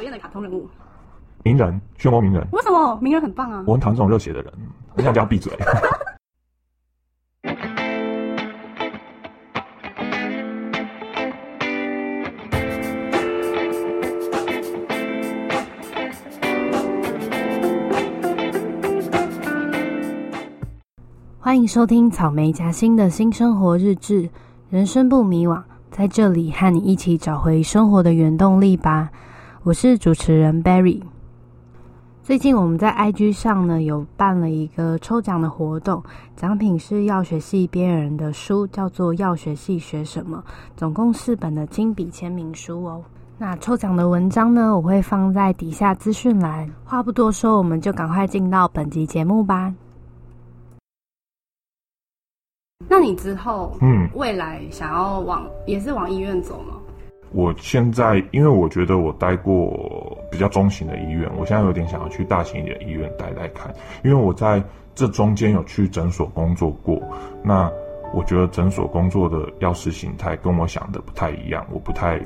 討厭的卡通人物，鳴人，漩渦鳴人。為什麼鳴人很棒啊？我很討厭這種熱血的人，很想叫他閉嘴。 歡迎收聽草莓夾心的新生活日志，人生不迷惘，在這裡和你一起找回生活的原動力吧。我是主持人 Barry。最近我們在 IG 上呢，有辦了一個抽獎的活動，獎品是藥學系邊緣人的書，叫做《藥學系學什麼》，總共四本的親筆簽名書哦。那抽獎的文章呢，我會放在底下資訊欄。話不多說，我們就趕快進到本集節目吧。那你之後，嗯，未來想要往，也是往醫院走嗎？我現在，因為我覺得我待過比較中型的醫院，我現在有點想要去大型一點的醫院待待看，因為我在這中間有去診所工作過，那我覺得診所工作的藥師形態跟我想的不太一樣，我不太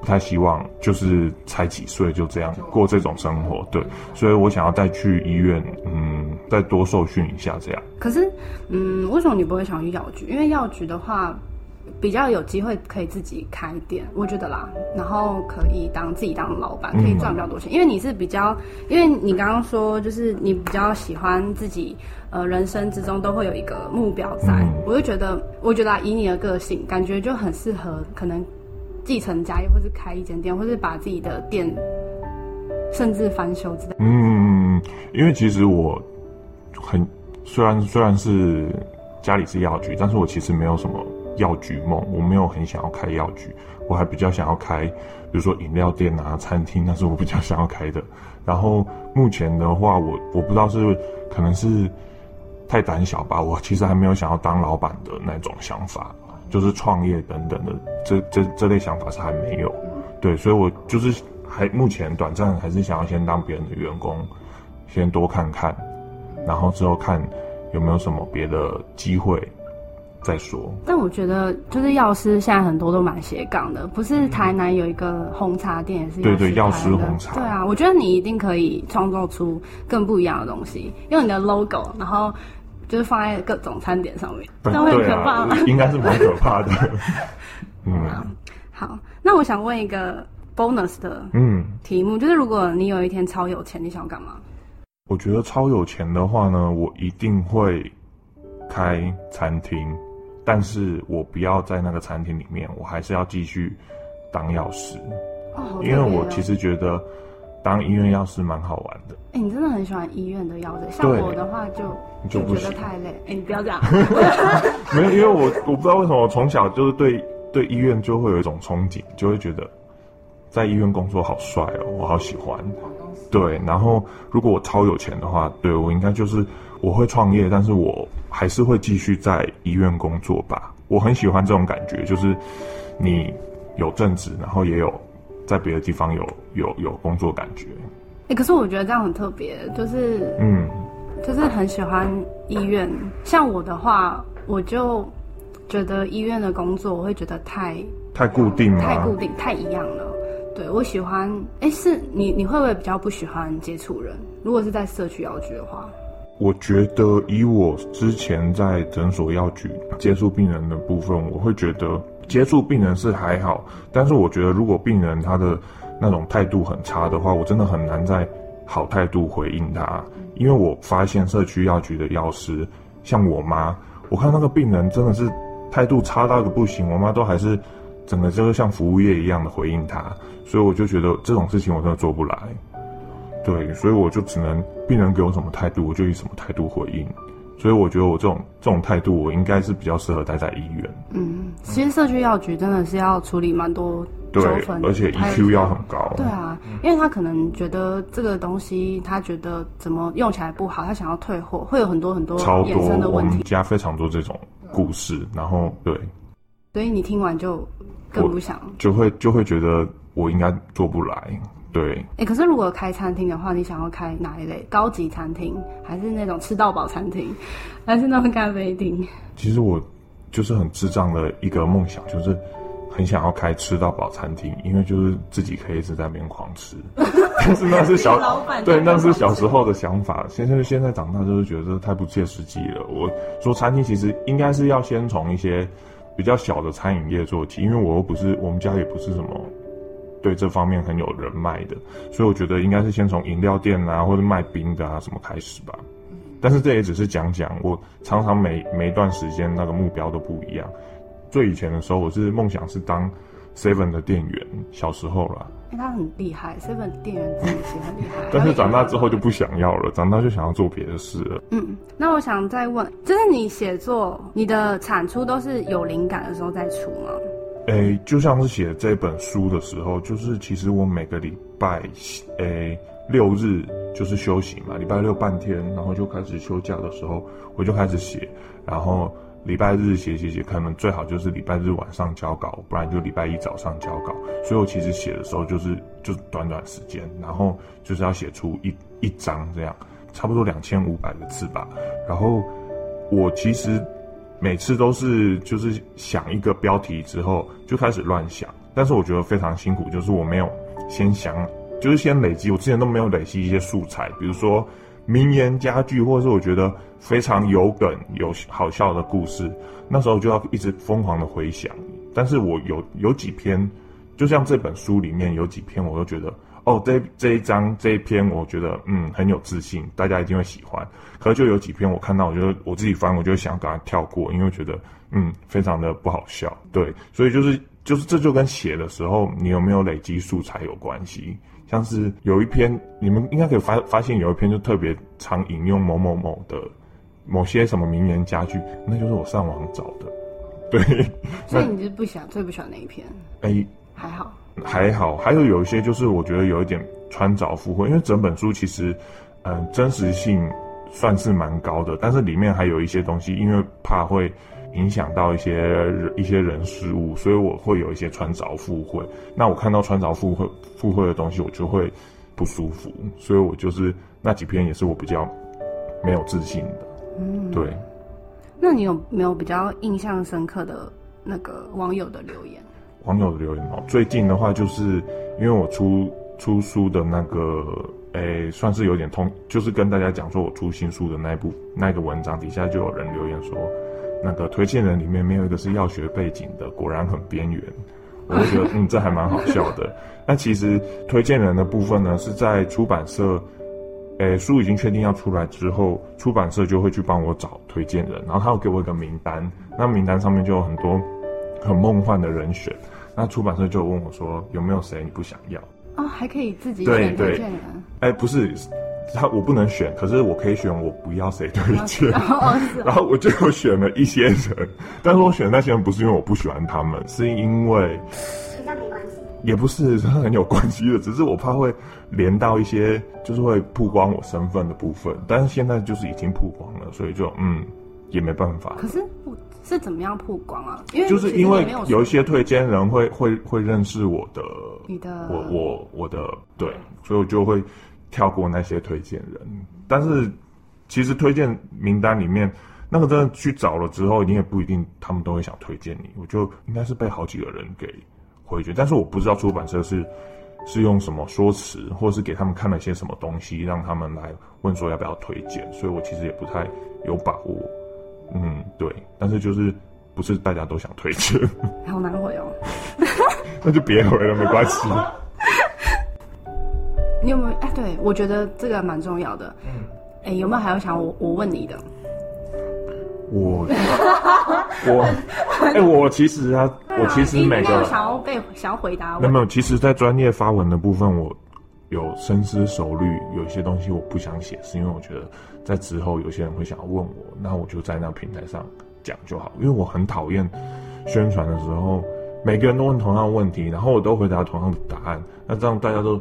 不太希望就是才幾歲就這樣過這種生活，對，所以我想要再去醫院，嗯，再多受訓一下這樣。可是，嗯，為什麼你不會想去藥局？因為藥局的話。比較有機會可以自己開店，我覺得啦，然後可以當自己當老闆，嗯、可以賺比較多錢。因為你是比較，因為你剛剛說就是你比較喜歡自己，呃，人生之中都會有一個目標在，嗯、我就覺得，我覺得以你的個性，感覺就很適合可能繼承家業，或是開一間店，或是把自己的店甚至翻修之類的。嗯，因為其實我很雖然雖然是家裡是藥局，但是我其實沒有什麼。藥局夢，我沒有很想要開藥局，我還比較想要開，比如說飲料店啊、餐廳，那是我比較想要開的。然後目前的話，我我不知道是，可能是太膽小吧，我其實還沒有想要當老闆的那種想法，就是創業等等的，這這這類想法是還沒有。對，所以，我就是還，目前短暫還是想要先當別人的員工，先多看看，然後之後看有沒有什麼別的機會。再說，但我覺得就是藥師現在很多都蠻斜槓的，不是台南有一個紅茶店也是藥師開的、嗯、對對藥師紅茶，對啊，我覺得你一定可以創造出更不一樣的東西，用你的 logo，然後就是放在各種餐點上面，這會、嗯、很可怕嗎，嗯啊、 應該是蠻可怕的。 嗯，好，那我想問一個 bonus 的嗯題目，嗯、就是如果你有一天超有錢，你想幹嘛？我覺得超有錢的話呢，我一定會開餐廳。但是我不要在那個餐廳裡面，我還是要繼續當藥師，哦，oh, okay. 因為，我其實覺得當醫院藥師蠻好玩的。哎、欸，你真的很喜歡醫院的藥師？像我的話就，對就就覺得太累。哎、欸，你不要這樣、 啊。沒有，因為我我不知道為什麼我從小就是對對醫院就會有一種憧憬， 就會覺得在醫院工作好帥哦，我好喜歡。司對，然後如果我超有錢的話，對我應該就是我會創業，但是我。還是會繼續在醫院工作吧，我很喜歡這種感覺，就是你有正職，然後也有在別的地方有有有工作感覺。哎、欸，可是我覺得這樣很特別，就是嗯，就是很喜歡醫院。嗯、像我的話，我就覺得醫院的工作我會覺得太太固定了，太固定，太一樣了。對，我喜歡，哎、欸，是你你會不會比較不喜歡接觸人？如果是在社區藥局的話。我覺得以我之前在診所藥局接觸病人的部分，我會覺得接觸病人是還好，但是我覺得如果病人他的那種態度很差的話，我真的很難在好態度回應他。因為我發現社區藥局的藥師，像我媽，我看那個病人真的是態度差到個不行，我媽都還是整個就是像服務業一樣的回應他，所以我就覺得這種事情我真的做不來。對，所以我就只能病人給我什麼態度，我就以什麼態度回應。所以我覺得我這種這種態度，我應該是比較適合待在醫院。嗯，其實社區藥局真的是要處理蠻多糾紛，對。而且 EQ 太要很高。對啊，嗯、因為他可能覺得這個東西，他覺得怎麼用起來不好，他想要退貨，會有很多很多超多的問題。我們家非常多這種故事，嗯、然後對，所以你聽完就更不想，就會就會覺得我應該做不來。對，哎、欸，可是如果開餐廳的話，你想要開哪一類？高級餐廳，還是那種吃到飽餐廳，還是那種咖啡廳？其實我就是很智障的一個夢想，就是很想要開吃到飽餐廳，因為就是自己可以一直在那邊狂吃。 但是那是小 老闆，對，那是小時候的想法。先生現在長大，就是覺得太不切實際了。我說餐廳其實應該是要先從一些比較小的餐飲業做起，因為我又不是，我們家也不是什麼。對這方面很有人脈的，所以我覺得應該是先從飲料店啊，或者賣冰的啊什麼開始吧。但是這也只是講講，我常常每每段時間那個目標都不一樣。最以前的時候，我是夢想是當 Seven 的店員，小時候啦，因為、欸、他很厲害，Seven 店員自己其實很厲害。 但是長大之後就不想要了，長大就想要做別的事了。嗯，那我想再問，就是你寫作，你的產出都是有靈感的時候再出嗎？哎，就像是寫這本書的時候，就是其實我每個禮拜，誒，六日就是休息嘛，禮拜六半天，然後就開始休假的時候，我就開始寫，然後禮拜日寫寫寫，可能最好就是禮拜日晚上交稿，不然就禮拜一早上交稿。所以我其實寫的時候就是就是、短短時間，然後就是要寫出一一章這樣，差不多兩千五百個字吧。然後我其實。每次都是就是想一個標題之後就開始亂想，但是我覺得非常辛苦，就是我沒有先想，就是先累積。我之前都沒有累積一些素材，比如說名言佳句，或者是我覺得非常有梗、有好笑的故事。那時候就要一直瘋狂的回想，但是我有有幾篇，就像這本書裡面有幾篇，我都覺得。哦，這一這一張，這一篇，我覺得嗯很有自信，大家一定會喜歡。可是就有幾篇我看到，我覺得我自己翻，我就想趕快跳過，因為我覺得嗯非常的不好笑。對，所以就是就是這就跟寫的時候你有沒有累積素材有關係。像是有一篇，你們應該可以發發現，有一篇就特別常引用某某某的某些什麼名言佳句，那就是我上網找的。對，所以你是不想那最不喜歡哪一篇？哎、欸，還好。還好，還有有一些就是，我覺得有一點穿鑿附會，因為整本書其實，嗯、呃，真實性算是蠻高的，但是裡面還有一些東西，因為怕會影響到一些人一些人事物，所以我會有一些穿鑿附會。那我看到穿鑿附會附會的東西，我就會不舒服，所以我就是那幾篇也是我比較沒有自信的。嗯，對。那你有沒有比較印象深刻的那個網友的留言？網友的留言哦、喔，最近的話就是因為我出出書的那個，誒、欸，算是有點通，就是跟大家講說我出新書的那一部，那個文章底下就有人留言說，那個推薦人裡面沒有一個是藥學背景的，果然很邊緣。我就覺得嗯，這還蠻好笑的。那 其實推薦人的部分呢，是在出版社，誒、欸，書已經確定要出來之後，出版社就會去幫我找推薦人，然後他會給我一個名單，那名單上面就有很多。很夢幻的人選，那出版社就問我說：“有沒有誰你不想要？”哦，還可以自己選推薦人。哎，不是，他我不能選，可是我可以選我不要誰推薦。然後，okay. oh, oh, 然後我就選了一些人，okay. 但是我選的那些人不是因為我不喜歡他們，是因為比較沒關係。也不是，是很有關係的，只是我怕會連到一些就是會曝光我身份的部分。但是現在就是已經曝光了，所以就嗯。也沒辦法。可是我是怎麼樣曝光啊？因為就是因為有一些推薦人會會會認識我的，你的我，我我我的，對，所以我就會跳過那些推薦人。但是其實推薦名單裡面，那個真的去找了之後，你也不一定他們都會想推薦你。我就應該是被好幾個人給回絕，但是我不知道出版社是是用什麼說辭，或是給他們看了些什麼東西，讓他們來問說要不要推薦。所以我其實也不太有把握。嗯，對，但是就是不是大家都想退群。好難回哦，喔， 那就別回了，沒關係。你有沒有？哎，欸，對我覺得這個蠻重要的。嗯，哎，有沒有還有想我？我問你的。我我哎，欸，我其實啊，我其實每個有想要被想要回答，我有沒有？其實，在專業發文的部分，我。有深思熟慮，有一些東西我不想寫，是因為我覺得在之後有些人會想要問我，那我就在那平台上講就好。因為我很討厭宣傳的時候，每個人都問同樣的問題，然後我都回答同樣的答案，那這樣大家都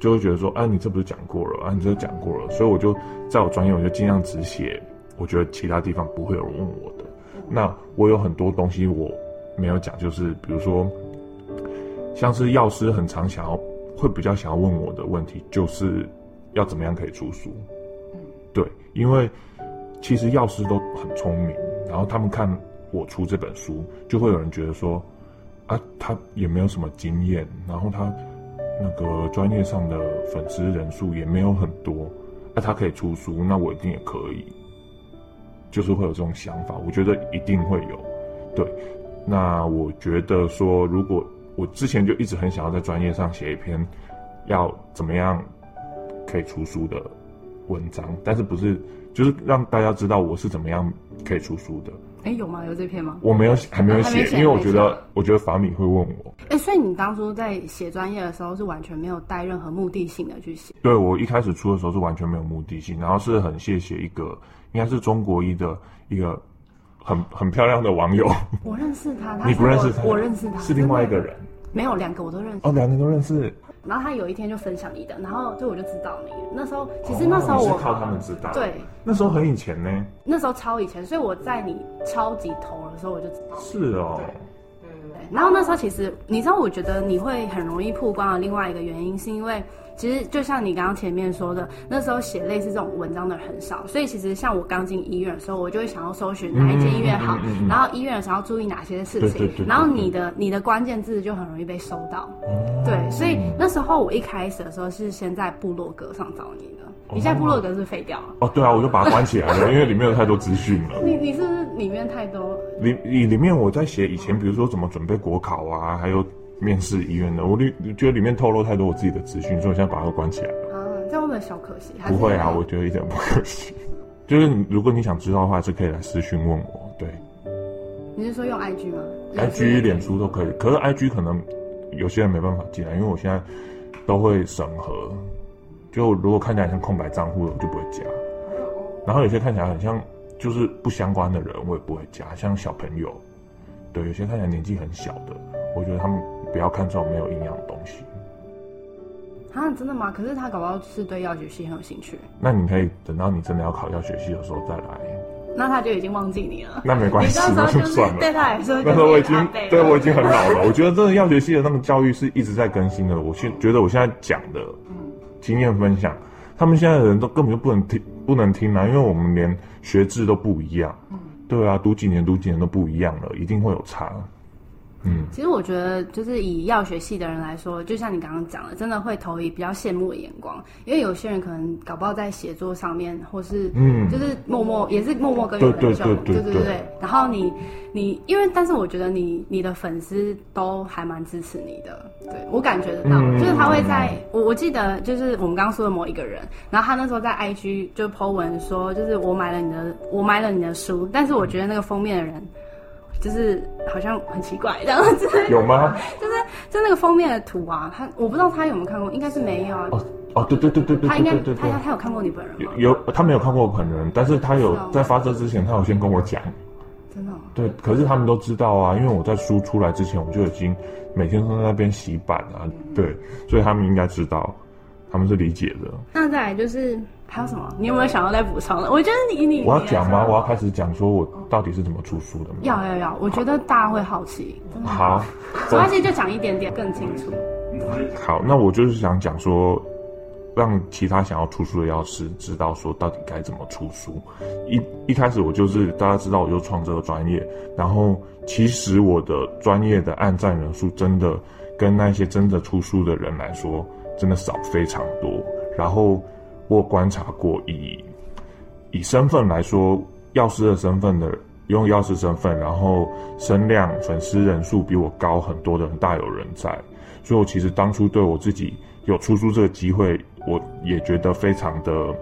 就會覺得說，啊，你這不是講過了，啊，你這是講過了。所以我就在我專業，我就盡量只寫我覺得其他地方不會有人問我的。那我有很多東西我沒有講，就是比如說，像是藥師很常想要。會比較想要問我的問題，就是要怎麼樣可以出書？對，因為其實藥師都很聰明，然後他們看我出這本書，就會有人覺得說，啊，他也沒有什麼經驗，然後他那個專業上的粉絲人數也沒有很多，那、啊、他可以出書，那我一定也可以，就是會有這種想法。我覺得一定會有。對，那我覺得說如果。我之前就一直很想要在專業上寫一篇，要怎麼樣可以出書的文章，但是不是就是讓大家知道我是怎麼樣可以出書的？哎、欸，有嗎？有這篇嗎？我沒有還沒有寫，啊、因為我覺得我覺得法米會問我。哎、欸，所以你當初在寫專業的時候是完全沒有帶任何目的性的去寫？對，我一開始出的時候是完全沒有目的性，然後是很謝謝一個應該是中國醫的一個。很很漂亮的網友，我認識他，他你不認識他，我認識他，是另外一個人，沒有，兩個我都認識，哦，兩個都認識。然後他有一天就分享你的，然後對我就知道你。那時候其實那時候我、哦哦、你是靠他們知道，對，那時候很以前呢，那時候超以前，所以我在你超級投的時候我就，知道。是哦，對對對。然後那時候其實你知道，我覺得你會很容易曝光的另外一個原因，是因為。其實就像你剛剛前面說的，那時候寫類似這種文章的人很少，所以其實像我剛進醫院的時候，我就會想要搜尋哪一間醫院好，嗯嗯嗯嗯、然後醫院的時候要注意哪些事情，然後你的你的關鍵字就很容易被搜到。嗯、對，所以那時候我一開始的時候是先在部落格上找你的，嗯、你在部落格是不是廢掉了哦？哦，對啊，我就把它關起來了， 因為裡面有太多資訊了。你你是不是裡面太多，裡裡面我在寫以前，比如說怎麼準備國考啊，還有。面試醫院的，我裡覺得裡面透露太多我自己的資訊，所以我現在把它關起來了。啊，這樣會不會小可惜。不會啊，我覺得一點不可惜。 就是如果你想知道的話，是可以來私訊問我。對，你是說用 IG 嗎也也？IG、臉書都可以，可是 IG 可能有些人沒辦法進來，因為我現在都會審核，就如果看起來像空白賬戶的，我就不會加。哦，然後有些看起來很像就是不相關的人，我也不會加，像小朋友，對，有些看起來年紀很小的，我覺得他們。不要看這種沒有營養的東西啊！真的嗎？可是他搞不好是對藥學系很有興趣。那你可以等到你真的要考藥學系的時候再來。那他就已經忘記你了。那沒關係，那就算了。對他來說是也，那時候我已經對我已經很老了。 我覺得真的藥學系的那個教育是一直在更新的。我現覺得我現在講的經驗分享，他們現在的人都根本就不能聽，不能聽了，因為我們連學制都不一樣。對啊，讀幾年讀幾年都不一樣了，一定會有差。嗯，其實我覺得，就是以藥學系的人來說，就像你剛剛講的，真的會投以比較羨慕的眼光，因為有些人可能搞不好在寫作上面，或是嗯，就是默默也是默默跟你、嗯、對，對對對對對對。然後你你，因為但是我覺得你你的粉絲都還蠻支持你的，對，我感覺得到，嗯、就是他會在我我記得就是我們剛剛說的某一個人，然後他那時候在 IG 就 po 文說，就是我買了你的我買了你的書，但是我覺得那個封面的人。就是好像很奇怪的樣子。有嗎？ 就是在那個封面的圖啊，他我不知道他有沒有看過，應該是沒有。啊、哦哦，對對對對對，對，對，對，對，他應該他他有看過你本人。有他沒有看過我本人，但是他有在發這之前，他有先跟我講。真的、哦？對，可是他們都知道啊，因為我在書出來之前，我就已經每天都在那邊洗版啊，對，所以他們應該知道，他們是理解的。那再來就是。還有什麼？你有沒有想要再補充的？我覺得你你我要講嗎？要我要開始講說我到底是怎麼出書的嗎？要要要！我覺得大家會好奇。好，沒關係，好就講一點點更清楚。Oh. 對好，那我就是想講說，讓其他想要出書的藥師知道說到底該怎麼出書。一一開始我就是大家知道我就創這個專業，然後其實我的專業的按讚人數真的跟那些真的出書的人來說真的少非常多，然後。我觀察過，以以身份來說，藥師的身份的用藥師身份，然後聲量粉絲人數比我高很多的人大有人在，所以我其實當初對我自己有出書這個機會，我也覺得非常的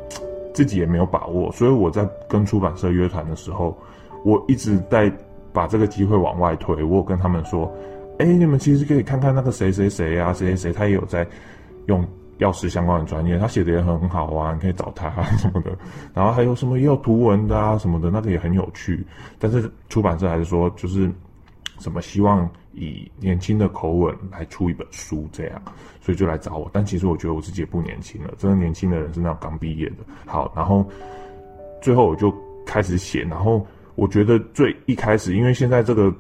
自己也沒有把握，所以我在跟出版社約談的時候，我一直在把這個機會往外推。我有跟他們說：“哎，你們其實可以看看那個誰誰誰呀、啊，誰誰誰，他也有在用。”藥師相關的專業，他寫的也很好啊，你可以找他啊什麼的。然後還有什麼也有圖文的啊什麼的，那個也很有趣。但是出版社還是說，就是什麼希望以年輕的口吻來出一本書這樣，所以就來找我。但其實我覺得我自己也不年輕了，真的年輕的人是那種剛畢業的。好，然後最後我就開始寫。然後我覺得最一開始，因為現在這個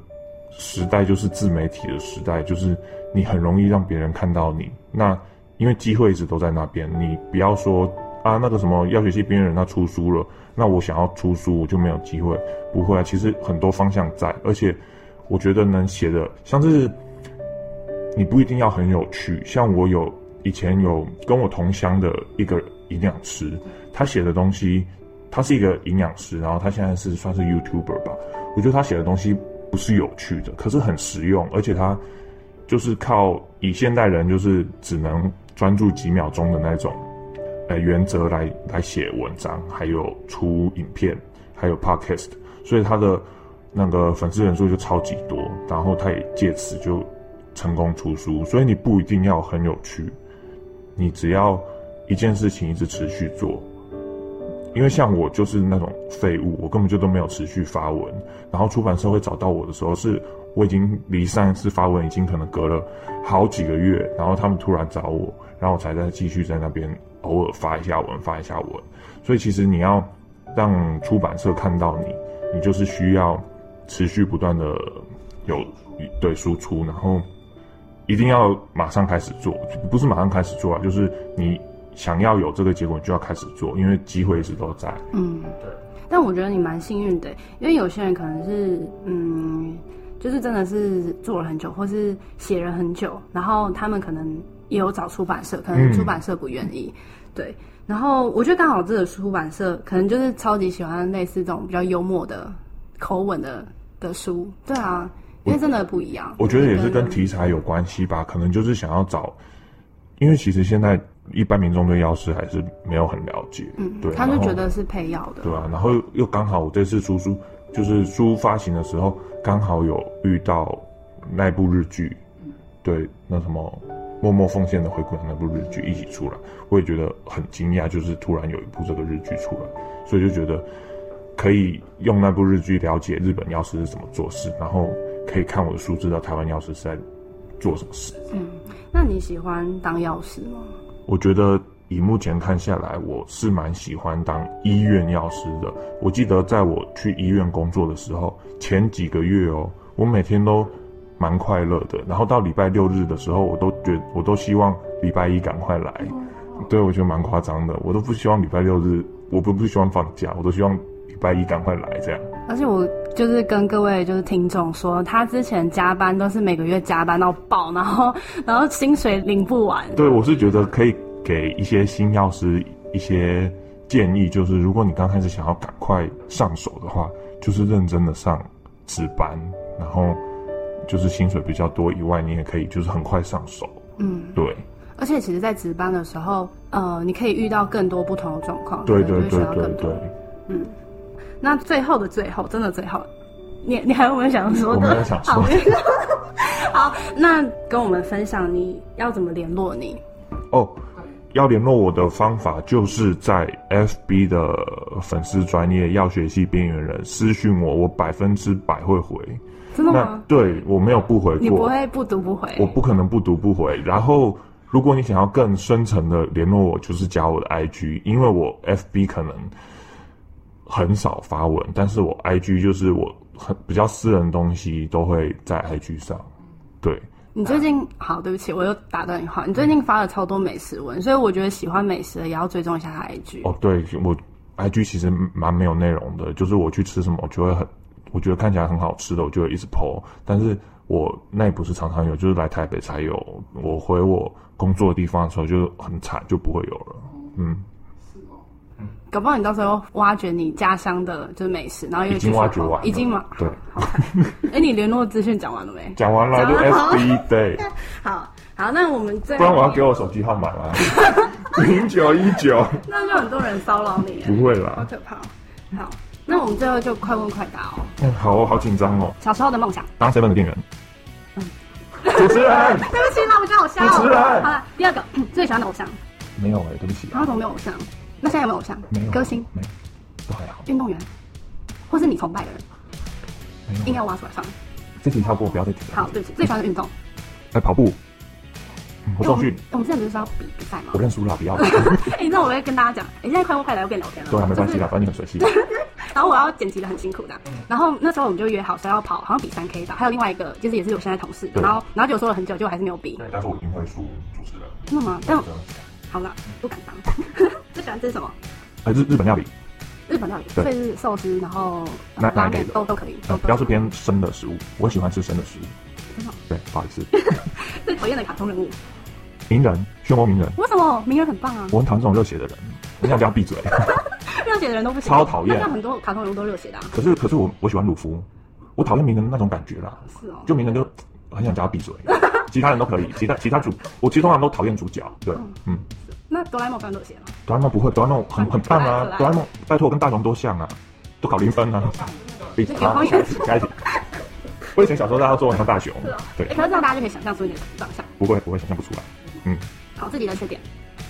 時代就是自媒體的時代，就是你很容易讓別人看到你那。因為機會一直都在那邊，你不要說啊，那個什麼藥學系邊緣人他出書了，那我想要出書，我就沒有機會。不會啊，其實很多方向在，而且我覺得能寫的，像是你不一定要很有趣。像我有以前有跟我同鄉的一個營養師，他寫的東西，他是一個營養師，然後他現在是算是 YouTuber 吧。我覺得他寫的東西不是有趣的，可是很實用，而且他就是靠以現代人就是只能。專注幾秒鐘的那種，呃，原則來來寫文章，還有出影片，還有 podcast，所以他的那個粉絲人數就超級多，然後他也借此就成功出書。所以你不一定要很有趣，你只要一件事情一直持續做。因為像我就是那種廢物，我根本就都沒有持續發文，然後出版社會找到我的時候是。我已經離上一次發文已經可能隔了好幾個月，然後他們突然找我，然後我才再繼續在那邊偶爾發一下文，發一下文。所以其實你要讓出版社看到你，你就是需要持續不斷的有對輸出，然後一定要馬上開始做，不是馬上開始做啊，就是你想要有這個結果，你就要開始做，因為機會一直都在。嗯，對。但我覺得你蠻幸運的，因為有些人可能是嗯。就是真的是做了很久，或是寫了很久，然後他們可能也有找出版社，可能出版社不願意，嗯、對。然後我覺得剛好這個出版社可能就是超級喜歡類似這種比較幽默的口吻的的書，對啊，因為真的不一樣我。我覺得也是跟題材有關係吧，可能就是想要找，因為其實現在一般民眾對藥師還是沒有很了解，嗯、對，他就覺得是配藥的，對啊。然後又，又剛好我這次出書。就是書發行的時候，剛好有遇到那部日劇，對，那什麼《默默奉獻的灰姑娘》那部日劇一起出來，我也覺得很驚訝，就是突然有一部這個日劇出來，所以就覺得可以用那部日劇了解日本藥師是怎麼做事，然後可以看我的書知道台灣藥師是在做什麼事。嗯，那你喜歡當藥師嗎？我覺得。以目前看下來，我是蠻喜歡當醫院藥師的。我記得在我去醫院工作的時候，前幾個月哦，我每天都蠻快樂的。然後到禮拜六日的時候，我都覺得，我都希望禮拜一趕快來。哦哦對，我覺得蠻誇張的。我都不希望禮拜六日，我不不希望放假，我都希望禮拜一趕快來這樣。而且我就是跟各位就是聽眾說，他之前加班都是每個月加班到爆，然後然後薪水領不完。對，我是覺得可以。給一些新藥師一些建議，就是如果你剛開始想要趕快上手的話，就是認真的上值班，然後就是薪水比較多以外，你也可以就是很快上手。嗯，對。而且其實，在值班的時候，呃，你可以遇到更多不同的狀況。對對對對對，對，對。嗯，那最後的最後，真的最後的，你你還有沒有想說的？我沒有想說。好，那跟我們分享你要怎麼聯絡你？哦。Oh, 要聯絡我的方法就是在 FB 的粉絲專頁藥學系邊緣人私訊我，我百分之百會回。那對，我沒有不回過。你不會不讀不回？我不可能不讀不回。然後，如果你想要更深層的聯絡我，就是加我的 IG，因為我 FB 可能很少發文，但是我 IG 就是我很比較私人的東西都會在 IG 上，對。你最近，啊，好，對不起，我又打斷你話。你最近發了超多美食文，嗯、所以我覺得喜歡美食的也要追蹤一下他 IG 哦。對，我 IG 其實蠻沒有內容的，就是我去吃什麼，我就會很，我覺得看起來很好吃的，我就會一直 po，但是我那也不是常常有，就是來台北才有。我回我工作的地方的時候就很慘，就不會有了。嗯。嗯搞不好你到時候挖掘你家鄉的就是美食，然後又去挖掘，已經嘛？對。哎，你聯絡資訊講完了沒？講完了。就 sb 對好好，那我們這……不然我要給我手機號碼了。零九一九。那就很多人騷擾你。不會啦，好可怕。好，那我們最後就快問快答哦。嗯，好哦，好緊張哦。小時候的夢想？當 C 店的店員。嗯。主持人。對不起，那我笑。主持人。好了，第二個，最喜歡的偶像。沒有哎，對不起。他怎麼沒有偶像？那現在有沒有偶像？歌星，都還好。運動員，或是你崇拜的人，沒有，應該要挖出來放。這題跳過，我不要再提了。好，對不起，最喜歡的運動。在跑步，我重訓。我們現在不是說要比比賽嗎？我認輸了，不要。哎，那我會跟大家講，你現在快不快？來，又變聊天了。對啊，沒關係的，反正你很隨性。然後我要剪輯的很辛苦的。然後那時候我們就約好說要跑，好像比三 K 的，還有另外一個，其實也是我現在同事。然後，然後就說了很久，就還是沒有比。但是，我一定會輸主持人。真的嗎？但好了，不敢當。最喜歡吃什麼？還日日本料理。日本料理，對，壽司，然後拉拉麵都都可以，主要是偏生的食物。我喜歡吃生的食物。很好。對，不好意思。最討厭的卡通人物，鳴人，漩渦鳴人。為什麼？鳴人很棒啊。我很討厭這種熱血的人，很想叫他閉嘴。熱血的人都不喜歡。超討厭。現在很多卡通人物都熱血的。可是可是我我喜歡魯夫，我討厭鳴人那種感覺啦。是哦。就鳴人就很想叫他閉嘴，其他人都可以，其他其他主，我其實通常都討厭主角，對，嗯。哆啦 A 夢敢多寫嗎？哆啦 A 夢不會，哆啦 A 夢很很，很棒啊！哆啦 A 夢，拜託我跟大雄多像啊，都考零分啊！ 比他，開始。 我以前小時候大家都說我很像大雄，啊、對、欸，可是這樣大家就可以想象出你的長相。不會，不會想象不出來。嗯，好，自己的缺點，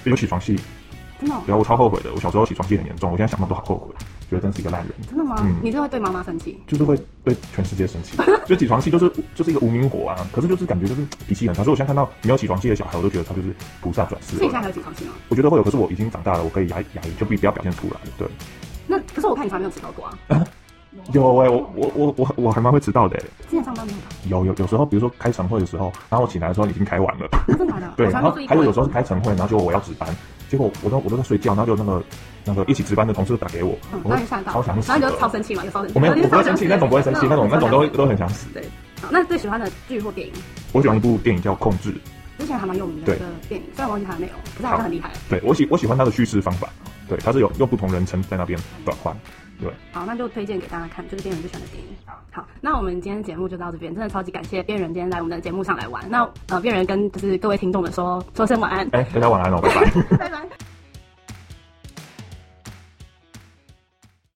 比如起床氣，真的，哦？對啊，我超後悔的。我小時候起床氣很嚴重，我現在想到都好後悔。覺得真是一個爛人，真的嗎？嗯、你就會對媽媽生氣，就是會對全世界生氣。 就起床氣就是就是一個無名火啊，可是就是感覺就是脾氣很差。所以我現在看到沒有起床氣的小孩，我都覺得他就是菩薩轉世了。你現在還有起床氣嗎？我覺得會有，可是我已經長大了，我可以壓壓抑，就比不要表現出來。對。那可是我看你從來沒有遲到過啊。啊有哎、欸，我我我我我還蠻會遲到的、欸。之前上班沒、啊、有？有有有時候，比如說開晨會的時候，然後我起來的時候已經開完了。真的啊？啊 對。然後還有有時候是開晨會，然後就我要值班。結果我都我都在睡覺，然後就那個那個一起值班的同事打給我，超想死，然後就超生氣嘛，有超生氣。我沒有，我不會生氣那種，不會生氣那種，那種都會都很想死。對，好，那最喜歡的劇或電影？我喜歡一部電影叫《控制》，之前還蠻有名的電影，雖然我忘記它還沒有，可是好像很厲害。對我喜我喜歡它的敘事方法，對，它是有用不同人稱在那邊轉換。對，好，那就推薦給大家看，就是邊人最喜歡的電影。好，好，那我們今天的節目就到這邊，真的超級感謝邊人今天來我們的節目上來玩。那呃，邊人跟就是各位聽眾們說說聲晚安，哎、欸，大家晚安嘍、哦，拜拜， 拜拜。